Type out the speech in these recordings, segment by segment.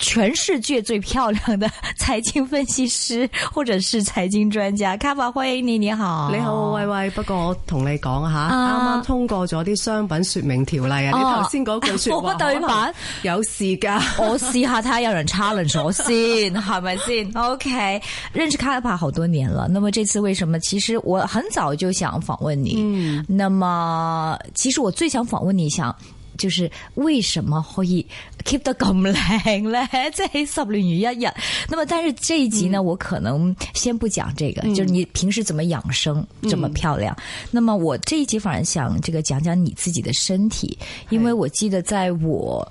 全世界最漂亮的財經分析師，或者是財經專家，卡帕。歡迎你，你好。你好，喂喂。不過我同你講哈，啱啱、uh, 通過咗啲商品說明條例啊。Uh, 你頭先嗰句說話對唔對版？有事噶，我試下睇下有人 challenge 我先，係咪先？OK，認識卡帕好多年了，那麼這次為什麼？其實我很早就想訪問你。嗯。那麼，其實我最想訪問你想。就是為什麼可以 keep 得咁靚咧，即係十年如一日。那麼，但是這一集呢，嗯、我可能先不講這個。嗯、就是你平時怎麼養生，這、嗯、麼漂亮。那麼我這一集反而想這個講講你自己的身體，因為我記得在我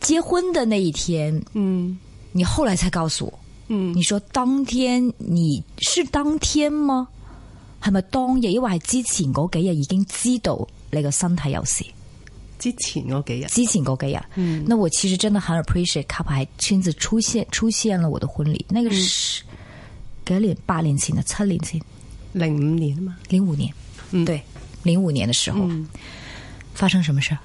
結婚的那一天，嗯，你後來才告訴我，嗯，你說當天你是當天嗎？係咪當日，抑或係之前嗰幾日已經知道你個身體有事？之前嗰幾日，之前嗰幾日，嗯，那我其實真的很 appreciate Capai 親自出現，出現了我的婚禮。那個是，幾年？嗯、八年前啊，七年前，零五年嘛，零五年，嗯，對，零五年的時候，嗯、發生什麼事？誒、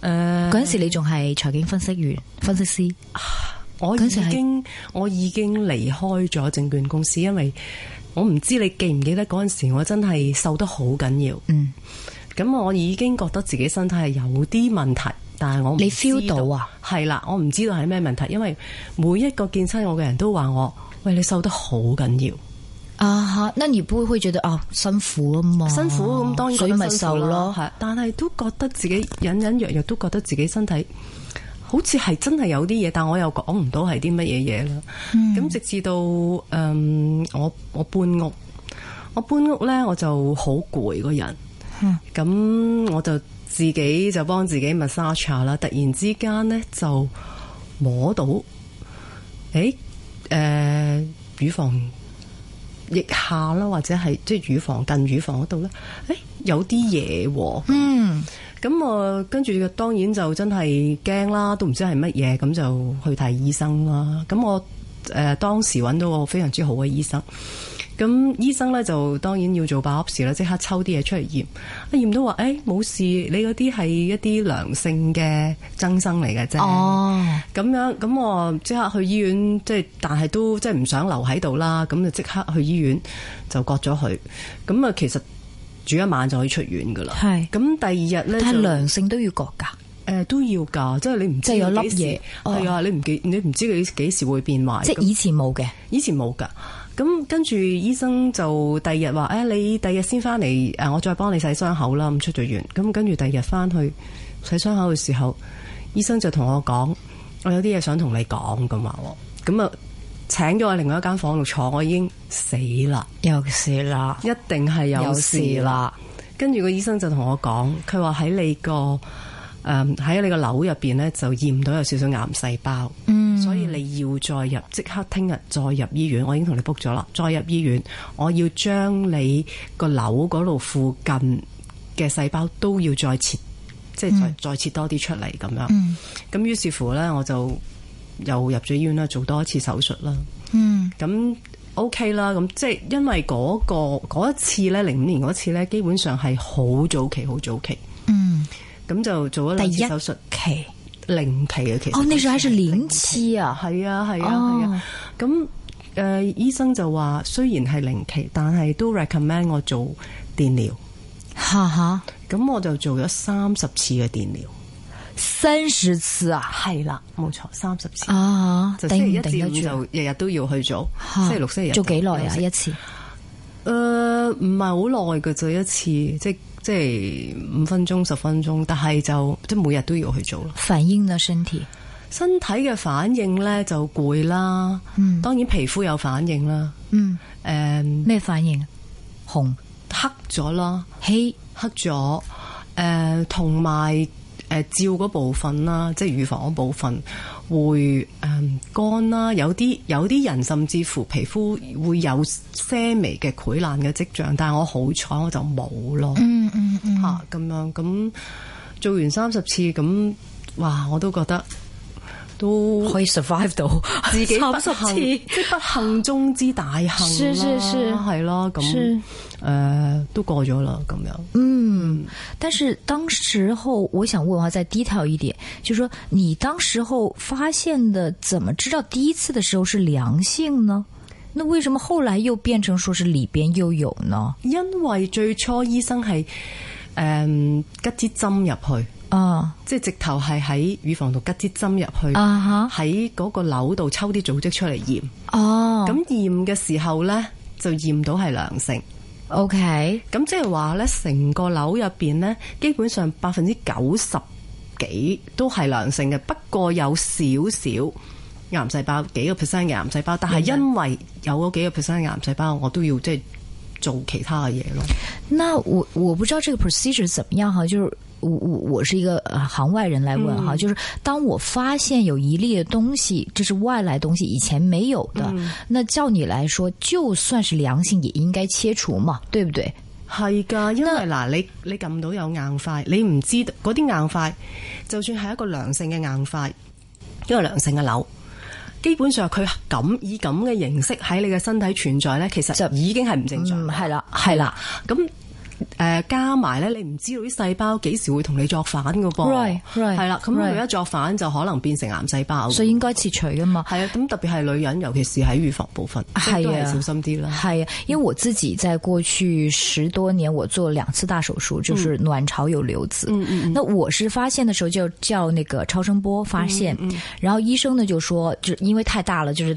呃，嗰陣時你仲係財經分析員、分析師、啊，我嗰陣時已經我已經離開咗證券公司，因為我唔知你記唔記得嗰陣時我真係瘦得好緊要，嗯。咁我已經覺得自己身體係有啲問題，但係我未 feel 到啊？係啦，我唔知道係咩問題，因為每一個見親我嘅人都話我，喂，你瘦得好緊要啊！嚇，n 而唔會覺得啊辛苦啊嘛？辛苦咁當然咁咪瘦咯，係。但係都覺得自己隱隱約約都覺得自己身體好似係真係有啲嘢，但我又講唔到係啲乜嘢嘢啦。咁、嗯、直至到嗯，我我搬屋，我搬屋咧，我就好攰個人。咁、嗯、我就自己就幫自己 massage 啦，突然之間咧就摸到，誒、欸，誒、呃，乳房腋下啦，或者係即係乳房近乳房嗰度咧，誒、欸，有啲嘢、啊，嗯，咁我跟住當然就真係驚啦，都唔知係乜嘢，咁就去睇醫生啦。咁我誒、呃、當時揾到個非常之好嘅醫生。咁醫生咧就當然要做 biopsy 啦，即刻抽啲嘢出嚟驗。一、啊、驗都話，誒、欸、冇事，你嗰啲係一啲良性嘅增生嚟嘅啫。哦，咁樣咁我即刻去醫院，即係但係都即係唔想留喺度啦。咁就即刻去醫院就割咗佢。咁啊，其實住一晚就可以出院噶啦。係是。咁第二日咧，但係良性都要割噶？誒、呃，都要噶，即係你唔即係有粒嘢係啊？你唔記你唔知佢幾時會變壞？即係以前冇嘅，以前冇噶。咁跟住，醫生就第二日話，誒，你第二日先翻嚟，誒，我再幫你洗傷口啦。咁出咗院，咁跟住第二日翻去洗傷口嘅時候，醫生就同我講，我有啲嘢想同你講，咁話，咁啊請咗我另外一間房度坐，我已經死啦，有事啦，一定係有事啦。跟住個醫生就同我講，佢話喺你個誒喺你個瘤入邊咧，就驗到有少少癌細胞。嗯。係要再入，即刻聽日再入醫院。我已經同你 book 咗啦，再入醫院，我要將你個瘤嗰度附近嘅細胞都要再切，嗯、即係再再切多啲出嚟咁樣。咁於、嗯、是乎呢，我就又入咗醫院啦，做多一次手術啦。嗯，咁 OK 啦，咁即係因為嗰、嗰個嗰一次呢，零五年嗰次呢，基本上係好早，早期，好早期。嗯，咁就做咗兩次手術期。一零期啊，其實哦，那時候係零期啊，係啊，係啊，係啊。咁誒，醫生就話雖然係零期，但係都 recommend 我做電療。吓吓，咁我就做咗三十次嘅電療。三十次啊，係啦，冇錯，三十次啊。就星期一至五就日日都要去做，星期六、星期日做幾耐啊？一次？誒，唔係好耐嘅，做一次，即係。即係五分鐘、十分鐘，但係就即每日都要去做咯。反應啦，身體，身體嘅反應咧就攰啦，嗯，當然皮膚有反應啦，嗯，誒咩，呃，反應？紅黑咗啦，黑黑咗，誒同埋。誒、呃，照嗰部分啦，即係乳房嗰部分會誒乾啦，有啲有啲人甚至乎皮膚會有些微嘅潰爛嘅跡象，但係我好彩我就冇咯，吓咁、嗯嗯嗯啊、樣咁做完三十次咁，哇！我都覺得。都可以 survive 到，自己不幸即不幸中之大幸啦，係咯咁，誒是、呃、都過咗啦咁樣。嗯，但是當時候我想問下再 detail 一點，就是、說你當時候發現的，怎麼知道第一次的時候是良性呢？那為什麼後來又變成說是裏邊又有呢？因為最初醫生係誒、嗯、吉支針入去。哦，嗯、即係直頭係喺乳房度吉支針入去，喺嗰、啊、哈個瘤度抽啲組織出嚟驗。哦，咁驗嘅時候咧就驗到係良性。OK，咁即係話咧，成個瘤入邊咧，基本上百分之九十幾都係良性嘅，不過有少少癌細胞，幾個 percent 嘅癌細胞，但係因為有嗰幾個 percent 嘅癌細胞，我都要即係做其他嘅嘢咯。那我我不知道這個 procedure 怎麼樣哈，就是我我我是一個行外人來問哈，嗯、就是當我發現有一列東西，就是外來東西以前沒有的，嗯、那照你來說，就算是良性也應該切除嘛，對不對？係噶，因為嗱那，你你撳到有硬塊，你唔知道嗰啲硬塊，就算係一個良性嘅硬塊，一個良性嘅瘤，基本上佢咁以咁嘅形式喺你嘅身體存在呢，其實就已經係唔正常，係啦、嗯，係啦，咁。嗯誒、呃，加埋咧，你唔知道啲細胞幾時會同你作反噶噃，係 Right, right, 啦，咁你一作反 Right. 就可能變成癌細胞，所以、so, 應該切除噶嘛。係啊，咁特別係女人，尤其是喺預防部分，即係、啊、都小心啲啦。係啊，因為我自己在過去十多年，我做兩次大手術，就是卵巢有瘤子。嗯嗯，那我是發現的時候就叫那個超聲波發現，嗯嗯、然後醫生呢就說，就因為太大了，就是。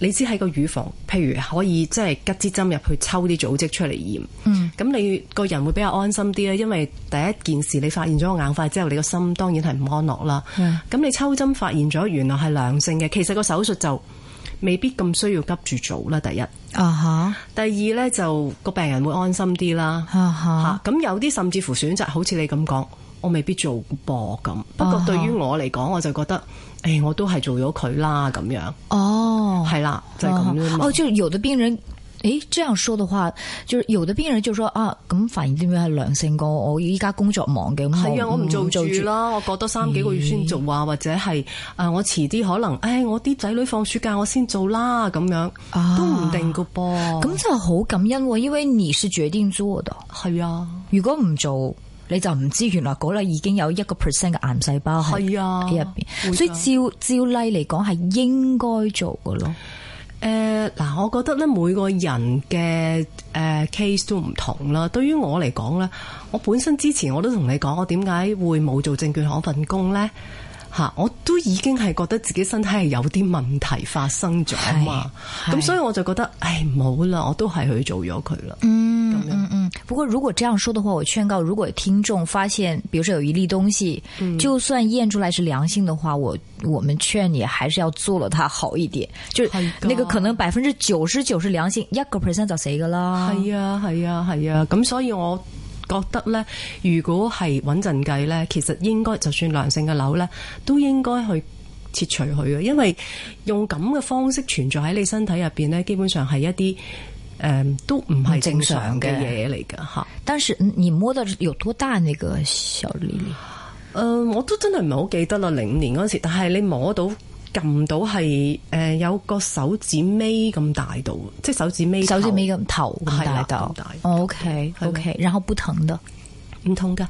你知喺個乳房，譬如可以即係吉支針入去抽啲組織出嚟驗，咁、嗯、你個人會比較安心啲咧。因為第一件事你發現咗個硬化之後，你個心當然係唔安樂啦。咁、嗯、你抽針發現咗原來係良性嘅，其實個手術就未必咁需要急住做啦。第一，啊哈、uh。Huh. 第二呢，就個病人會安心啲啦，嚇、uh。咁、huh. 啊、有啲甚至乎選擇好似你咁講，我未必做噃。咁。不過對於我嚟講，我就覺得。Uh huh. uh huh. 誒、哎，我都係做咗佢啦，咁樣。哦，係啦，就係、是、咁樣。哦，就係有啲病人，誒，這樣說嘅話，就係有啲病人就說啊，咁發現啲咩係良性個，我依家工作忙嘅，咁係啊，我唔做住啦，嗯、我覺得三幾個月先做啊，嗯、或者係啊、呃，我遲啲可能，誒、哎，我啲仔女放暑假我先做啦，咁樣都唔定噶噃。咁真係好感恩，因為你是住喺天珠嗰度。係啊，如果唔做。你就唔知，原來嗰粒已經有一個 percent 嘅癌細胞喺入邊，啊、所以照、啊、照例嚟講係應該做嘅咯。誒嗱、呃，我覺得咧每個人嘅誒、呃、case 都唔同啦。對於我嚟講咧，我本身之前我都同你講，我點解會冇做證券行份工咧？吓，我都已經係覺得自己身體係有啲問題發生咗嘛，咁、嗯、所以我就覺得，唉，唔好啦，我都係去做咗佢啦。嗯嗯嗯。不過如果這樣說的話，我勸告，如果聽眾發現，比如說有一粒東西，嗯、就算驗出來是良性的話，我我們勸你還是要做了，它好一點。就的嗰個可能百分之九十九是良性，一個 percent 就死噶啦。係啊，係啊，係啊。咁、啊嗯、所以我覺得呢，如果係穩陣計呢，其實應該就算良性嘅瘤呢，都應該去切除佢嘅，因為用咁嘅方式存在喺你身體入邊呢，基本上係一啲誒、呃、都唔係正常嘅嘢嚟㗎吓。但是你摸到有多大？那個小粒粒？誒、呃，我都真係唔係好記得啦，零五年嗰陣時，但係你摸到。撳到係誒、呃、有個手指尾咁大度，即係手指尾手指尾，咁頭咁大度。OK、哦、OK, okay 吧。然後不疼的，唔痛㗎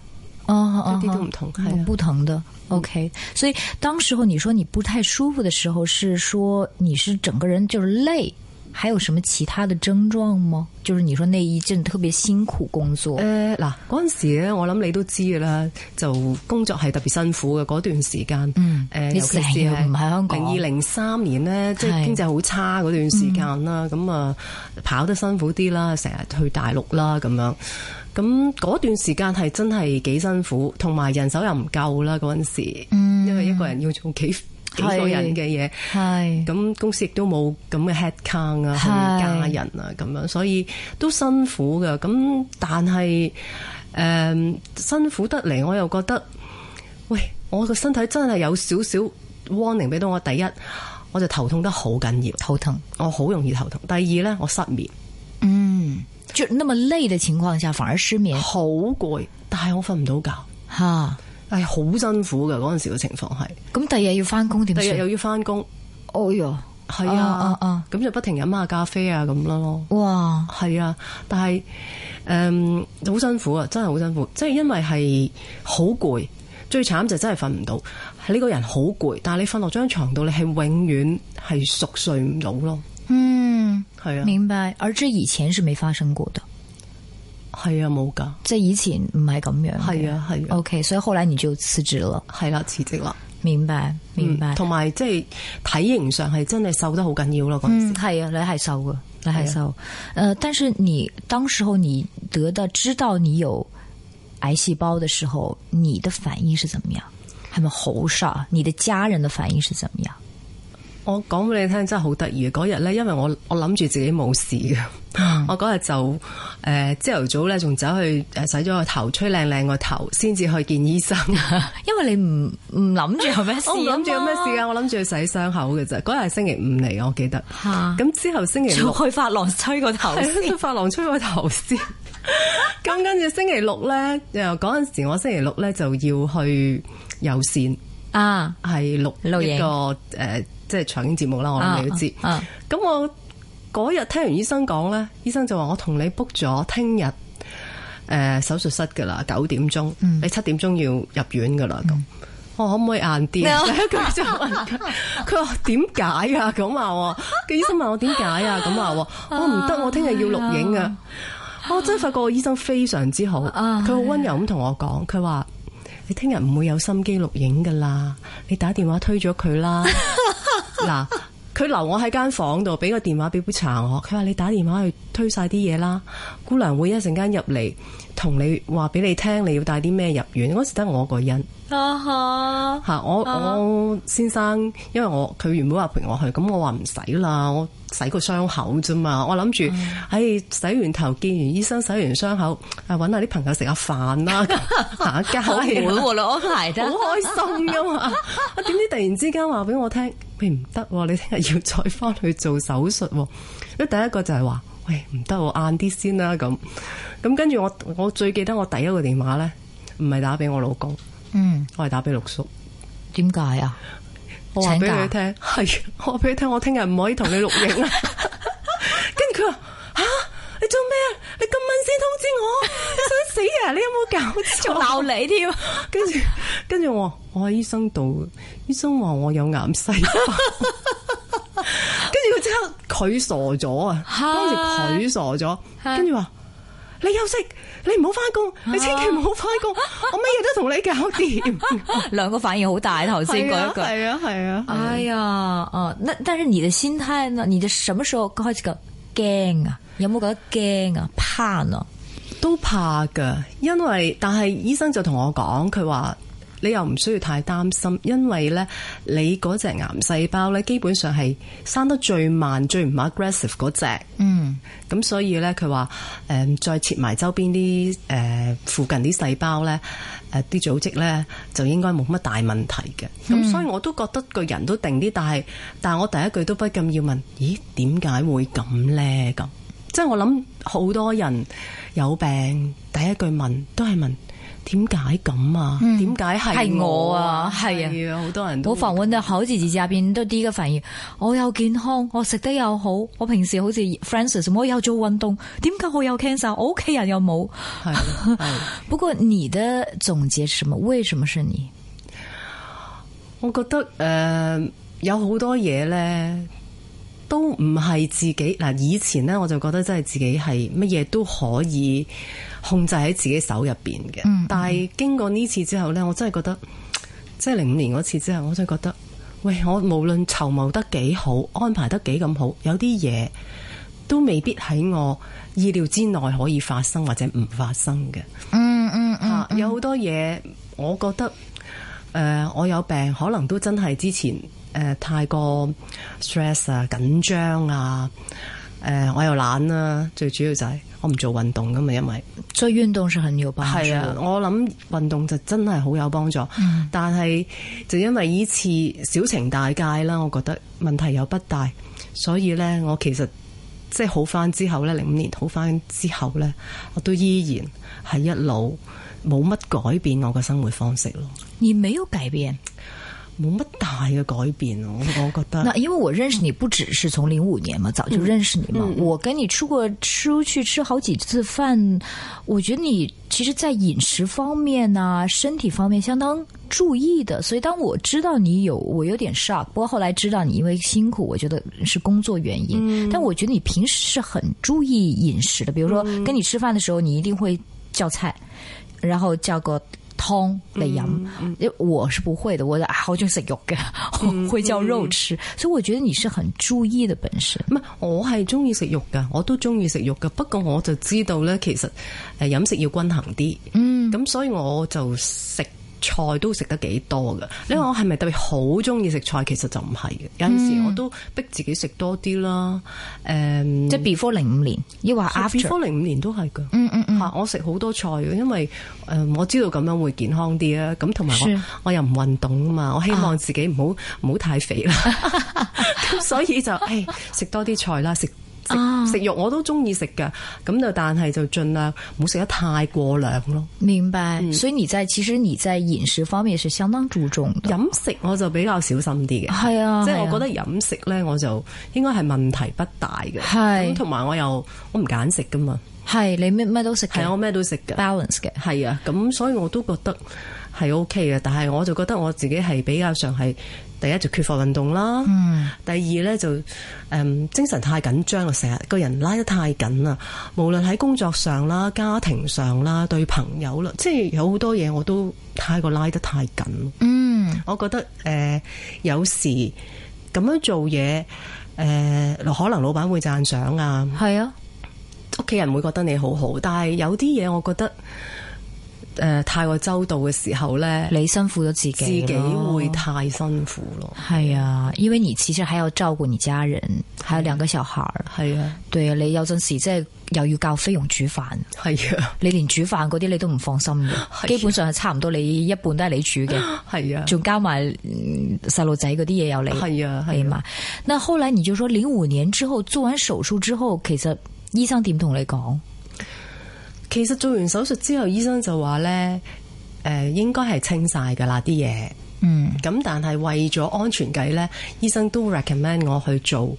哦哦哦，啲都唔痛，唔、哦啊、不疼的。OK。嗯、所以當時候你說你不太舒服的時候，是說你是整個人就是累。還有什麼其他的症狀嗎？就是你說那一陣特別辛苦工作。誒、呃，嗱，嗰陣時咧，我諗你都知啦，就工作係特別辛苦嘅，嗰段時間。誒、嗯，尤其是唔喺香港，二零零三年呢，即係經濟好差嗰段時間啦，咁啊、嗯、跑得辛苦啲啦，成日去大陸啦，咁樣。咁嗰段時間係真係幾辛苦，同埋人手又唔夠啦嗰陣時，嗯、因為一個人要做幾。幾個人嘅嘢，係咁的公司亦都冇咁嘅 headcount 啊的，家人啊咁的樣，所以都辛苦噶。咁但係誒、呃、辛苦得嚟，我又覺得，喂，我個身體真係有少少 warning 俾到我。第一，我就頭痛得好緊要，頭痛，我好容易頭痛。第二咧，我失眠。嗯，就那麼累的情況下反而失眠，好攰，但係我瞓唔到覺。吓。係好、哎、辛苦噶，嗰陣時嘅情況係咁，第二日要翻工，第日又要翻工，哦、哎、呀，係啊啊，咁、啊啊啊、就不停飲下咖啡啊，咁咯，哇，係啊，但係，嗯，好辛苦啊，真係好辛苦，即係因為係好攰，最慘就真係瞓唔到，呢、呢個人好攰，但係你瞓落張床度，你係永遠係熟睡唔到咯，嗯，係啊，明白，而之以前係未發生過嘅。係啊，冇噶，即係以前唔係咁樣。係啊，係、啊。OK，所以後來你就辭職啦。係啦、啊，辭職啦。明白，明白。同埋即係體型上係真係瘦得好緊要咯。咁、嗯，係啊，你係瘦嘅，你係瘦。誒，但是你當時候你得到知道你有癌細胞嘅時候，你的反應是怎麼樣？係咪好傻，你的家人的反應是怎麼樣？我講俾你聽真係好得意。嗰日咧，因為我我諗住自己冇事嘅， 我嗰日就誒朝頭早咧仲走去誒洗咗個頭，吹靚靚個頭，先至去見醫生。 因為你唔唔諗住有咩事，事， 我諗住有咩事啊！我諗住去洗傷口嘅啫。嗰日係星期五嚟，我記得。咁 之後星期六 去髮廊吹個頭先，髮廊吹個頭先。咁跟住星期六咧，又嗰陣時我星期六咧就要去有線。啊，係錄錄一個誒，即係長影節目啦，我諗你都知。咁我嗰日聽完醫生講咧，醫生就話我同你 book 咗聽日誒手術室噶啦，九點鐘，嗯、你七點鐘要入院噶啦。咁我可唔可以晏啲？佢就問佢，佢話點解啊？咁啊？個醫生問我點解、哦、啊？咁啊？我唔得，我聽日要錄影啊！我真係發覺個醫生非常之好，佢好溫柔咁同我講，佢話。你聽日唔會有心機錄影㗎喇，你打電話推咗佢啦。嗱， 佢留我喺間房度，俾個電話俾杯茶我。佢話你打電話去推晒啲嘢啦，姑娘會一陣間入嚟。同你話俾你聽，你要帶啲咩入院？嗰時得我一個人，嚇！我我先生，因為我佢原本話陪我去，咁我話唔使啦，我洗個傷口啫嘛。我諗住，唉，洗完頭，見完醫生，洗完傷口，誒，揾下啲朋友食下飯啦，行下街，好開心㗎嘛！點知突然之間話俾我聽，你唔得，你聽日要再翻去做手術。咁第一個就係話。喂，唔得，哎，我晏啲先啦，咁咁跟住我，我最記得我第一個電話咧，唔係打俾我老公，嗯，我係打俾六叔，點解啊？我話俾佢聽，係 我話俾佢聽，我聽日唔可以同你錄影啦。跟住佢話吓，你做咩啊？你咁晚先通知我， 想死嘅，啊，你有冇搞錯？鬧 你添？跟住跟住我，我喺醫生度，醫生話我有癌細胞。佢傻咗啊！當時佢傻咗，跟住話：你休息，你唔好翻工，啊、你千祈唔好翻工，啊、我乜嘢都同你搞掂。兩 個反應好大，頭先講一句，係啊係啊。啊啊啊哎呀，哦、呃，那但是你的心態呢？你哋什麼時候開始覺驚啊？有冇覺得驚啊？怕啊？都怕噶，因為但係醫生就同我講，佢話。你又唔需要太擔心，因為呢，你嗰隻癌細胞呢，基本上係生得最慢、最唔 aggressive 嗰隻。嗯，咁所以呢，佢話誒再切埋周邊啲誒、呃、附近啲細胞呢，誒、呃、啲組織呢，就應該冇乜大問題嘅。咁、嗯、所以我都覺得個人都定啲，但係但係我第一句都不禁要問：「咦，點解會咁呢？」咁即係我諗好多人有病，第一句問都係問。點解咁啊？點解係我啊？係啊，好、啊、多人都好煩，搵到好字字入邊都啲嘅反應。我又健康，我食得又好，我平時好似 Francis 我有做運動，點解我有 cancer？我屋企人又冇。係 不過你的總結是什麼？為什麼是你？我覺得誒、呃，有好多嘢咧。都唔係自己嗱，以前呢，我就覺得真係自己係乜嘢都可以控制喺自己手入邊嘅。嗯嗯、但係經過呢次之後呢，我真係覺得，即係零五年嗰次之後，我真係覺、就是、覺得，喂，我無論籌謀得幾好，安排得幾咁好，有啲嘢都未必喺我意料之內可以發生或者唔發生嘅、嗯。嗯嗯嗯，啊、有好多嘢，我覺得誒、呃，我有病可能都真係之前。誒、呃，太過 stress 啊，緊張啊，誒、呃，我又懶啦、啊，最主要就係我唔做運動㗎嘛，因為做運動就很有幫助。係啊，我諗運動就真係好有幫助，嗯、但係就因為呢次小情大戒啦，我覺得問題又不大，所以呢，我其實即係好翻之後呢，零五年好翻之後呢，我都依然係一路冇乜改變我嘅生活方式咯。你沒有改變。冇乜大嘅改變咯，我覺得。那因為我認識你不只是從零五年嘛，嗯、早就認識你嘛，嗯、我跟你出過出去吃好幾次飯，我覺得你其實，在飲食方面啊，身體方面相當注意的。所以當我知道你有，我有點 shock，h 不過後來知道你因為辛苦，我覺得是工作原因。嗯、但我覺得你平時是很注意飲食的，比如說跟你吃飯的時候，你一定會叫菜，然後叫個。湯嚟飲，因為、嗯、我是不會的，我好中意食肉嘅，嗯、 會叫肉食，嗯、所以我覺得你是很注意的本事。唔係，我係中意食肉噶，我都中意食肉噶，不過我就知道咧，其實誒飲食要均衡啲，嗯，咁所以我就食。菜都食得幾多㗎？你話我係咪特別好中意食菜？其實就唔係嘅。有陣時我都逼自己食多啲啦。誒、嗯，即係 before 零五年，要話啊，before 零五年都係㗎。嗯嗯嗯，啊、我食好多菜嘅，因為誒我知道咁樣會健康啲啦。咁同埋我又唔運動啊嘛，我希望自己唔好唔好太肥啦。所以就誒食、哎、多啲菜啦，食。食食肉我都中意食噶，咁就但係就盡量唔好食得太過量咯。明白，嗯、所以你在其實你在飲食方面是相當注重。飲食我就比較小心啲嘅，係啊，即係我覺得飲食咧，我就應該係問題不大嘅。係，咁同埋我又我唔揀食噶嘛。係你咩咩都食？係我咩都食嘅，balance 嘅，係啊，咁所以我都覺得係 OK 嘅，但係我就覺得我自己係比較上係第一就缺乏運動啦，嗯、第二咧就誒、是嗯、精神太緊張啦，成日個人拉得太緊啦，無論喺工作上啦、家庭上啦、對朋友啦，即係有好多嘢我都太過拉得太緊。嗯，我覺得誒、呃、有時咁樣做嘢誒、呃，可能老闆會讚賞、嗯、啊，係啊。屋企人會覺得你好好，但係有啲嘢我覺得誒、呃、太愛周到太過周到嘅時候咧，你辛苦咗自己，自己會太辛苦咯。係、嗯、啊，因為你其實還要照顧你家人，是啊、還有兩個小孩，係是啊，對啊，你有陣時即係又要教菲傭煮飯，係是啊，你連煮飯嗰啲你都唔放心嘅，是啊、基本上係差唔多你一半都係你煮嘅，係是啊，仲加埋細路仔嗰啲嘢又嚟。係啊，係是啊嘛。那後來你就說，零五年之後做完手術之後其實。醫生點同你講？其實做完手術之後，醫生就話呢，誒、呃，應該係清晒噶啦啲嘢。嗯，咁但係為咗安全計呢，醫生都 recommend 我去做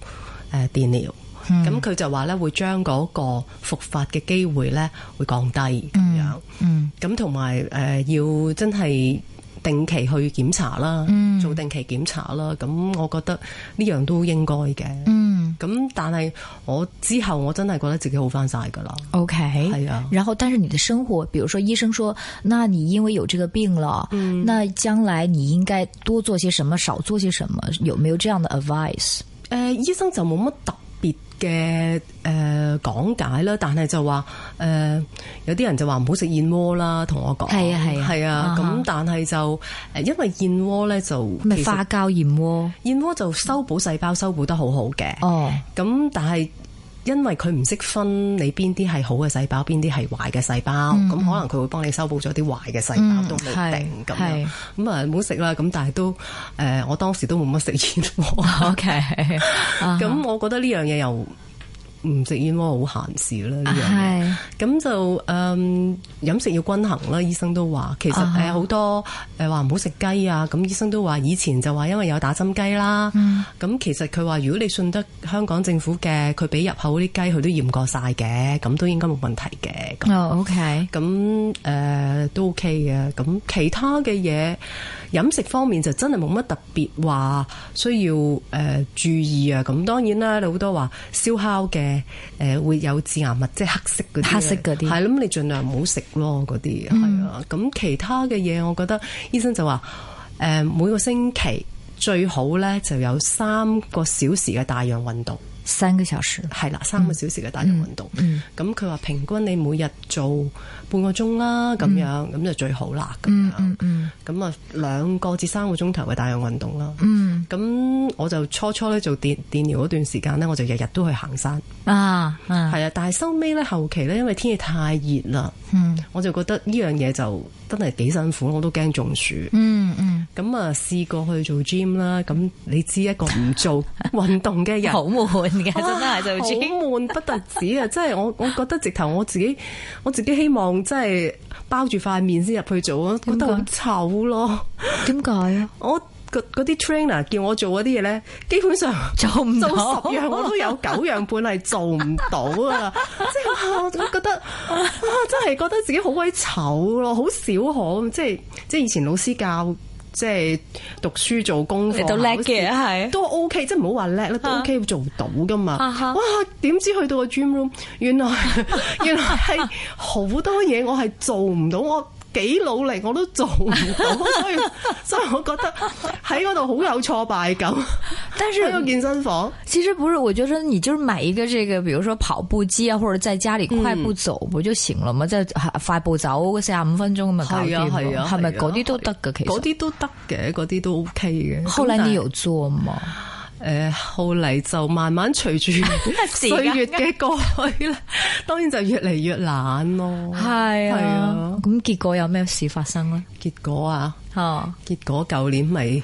誒電療。咁佢就話呢，會將嗰個復發嘅機會呢會降低咁樣。嗯，咁同埋誒，要真係。定期去檢查啦，做定期檢查啦，咁、嗯、我覺得呢樣都應該嘅。咁、嗯、但係我之後我真係覺得自己好翻晒噶啦。OK，係啊。然後，但是你的生活，比如說，醫生說，那你因為有這個病啦，嗯、那將來你應該多做些什麼，少做些什麼，有沒有這樣的 advice？誒、呃，醫生就冇乜答。嘅誒、呃、講解啦，但係就話誒、呃、有啲人就話唔好食燕窩啦，同我講係啊係啊係啊，咁、啊啊、但係就誒因為燕窩咧就咩花膠燕窩，燕窩就修補細胞修補得好好嘅，哦咁但係。因為佢唔識分你邊啲係好嘅細胞，邊啲係壞嘅細胞，咁、嗯、可能佢會幫你修補咗啲壞嘅細胞、嗯、都冇定咁樣，咁啊唔好食啦，咁但係都誒、呃，我當時都冇乜食煙。OK，咁我覺得呢樣嘢又。唔食煙喎，好閒事啦，呢樣嘢。咁就嗯，飲食要均衡啦。醫生都話，其實誒、呃呃、好多誒話唔好食雞啊，咁醫生都話以前就話因為有打針雞啦，咁、嗯、其實佢話如果你信得香港政府嘅，佢俾入口嗰啲雞，佢都驗過晒嘅，咁都應該冇問題嘅。哦，OK，咁誒、呃、都 OK 嘅，咁其他嘅嘢。飲食方面就真係冇乜特別話需要誒、呃、注意啊！咁當然啦，你好多話燒烤嘅誒、呃、會有致癌物，即係黑色嗰啲。黑色嗰啲係，咁你儘量唔好食咯，嗰啲係啊！咁其他嘅嘢，我覺得醫生就話誒、呃、每個星期最好咧就有三個小時嘅大量運動。三個小時係啦，三個小時嘅帶氧運動，咁佢話平均你每日做半個鐘啦，咁樣咁就最好啦，咁樣，咁啊兩個至三個鐘頭嘅帶氧運動啦，咁、嗯、我就初初咧做電電療嗰段時間呢，我就日日都去行山啊，係啊，但係收尾呢，後期呢，因為天氣太熱啦，嗯、我就覺得呢樣嘢就真係幾辛苦，我都驚中暑，嗯嗯咁啊，試過去做 gym 啦。咁你知一個唔做運動嘅人 悶、啊、好悶嘅，真係就 gym 悶不得止啊！即係我我覺得直頭我自己，我自己希望即係包住塊面先入去做啊，解覺得好醜咯。點解啊？ 我嗰啲 trainer 叫我做嗰啲嘢咧，基本上做唔到，做十樣我都有九樣半係做唔到噶啦。即係我覺得啊，真係覺得自己好鬼醜咯，好少可即係即係以前老師教。即係、就是、讀書做功課都叻嘅，係口是都 O K，即係唔好話叻啦，啊、都 O K 會做到㗎嘛。啊啊、哇，點知去到個 dream room，原來 原來係好多嘢我係做唔到我。幾努力我都做唔到，所以 所以我覺得喺嗰度好有挫敗感 是。但係個健身房，其實不是，我覺得你就是買一個這個，比如說跑步機啊，或者在家裡快步走、嗯、不就行了嗎？即再快步走四十五分鐘咁樣，係啊係啊，係咪嗰啲都得噶？其實嗰啲都得嘅，嗰啲都 OK 嘅。但是 後來你有做嘛。 誒，後嚟就慢慢隨住歲月嘅過去啦， 當然就越嚟越懶咯。係啊，咁、啊、結果有咩事發生咧？結果啊，哦，結果舊年咪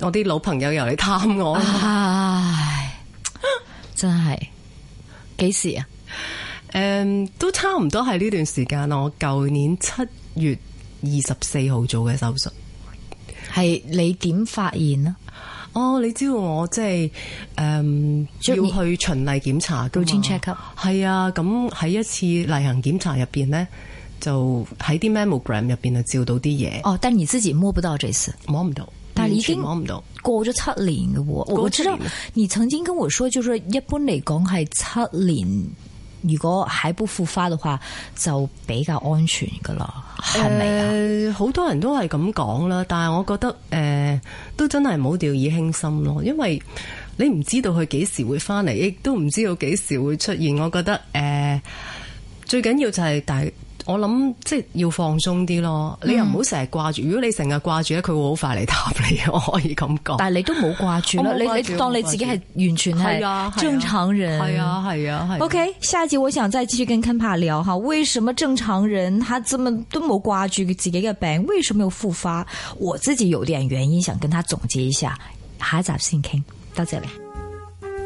我啲老朋友又嚟探我唉，唉，真係幾時啊？誒、嗯，都差唔多係呢段時間，我舊年七月二十四號做嘅手術。係，你點發現咧？哦，你知道我即係誒要去循例檢查，checkup 係啊，咁喺一次例行檢查入邊咧，就喺啲 mammogram 入邊啊照到啲嘢。哦，但你自己摸不到這次，摸唔到，但已經摸唔到，過咗七年嘅我，我知道你曾經跟我說，就是一般嚟講係七年，如果喺不復發嘅話，就比較安全噶啦。誒，好、呃、多人都係咁講啦，但係我覺得誒、呃，都真係唔好掉以輕心咯，因為你唔知道佢幾時會翻嚟，亦都唔知道幾時會出現。我覺得誒、呃，最緊要就係大。我諗即係要放鬆啲咯，你又唔好成日掛住。如果你成日掛住咧，佢會好快嚟，答你。我可以咁講。但係你都冇掛住啦，你你當你自己係完全係正常人，係啊係啊係。啊啊啊啊 OK，下一集我想再繼續跟 Kenpa 聊哈，為什麼正常人他這麼都冇掛住自己嘅病，為什麼要復發？我自己有點原因想跟他總結一下，下一集先傾。多謝你。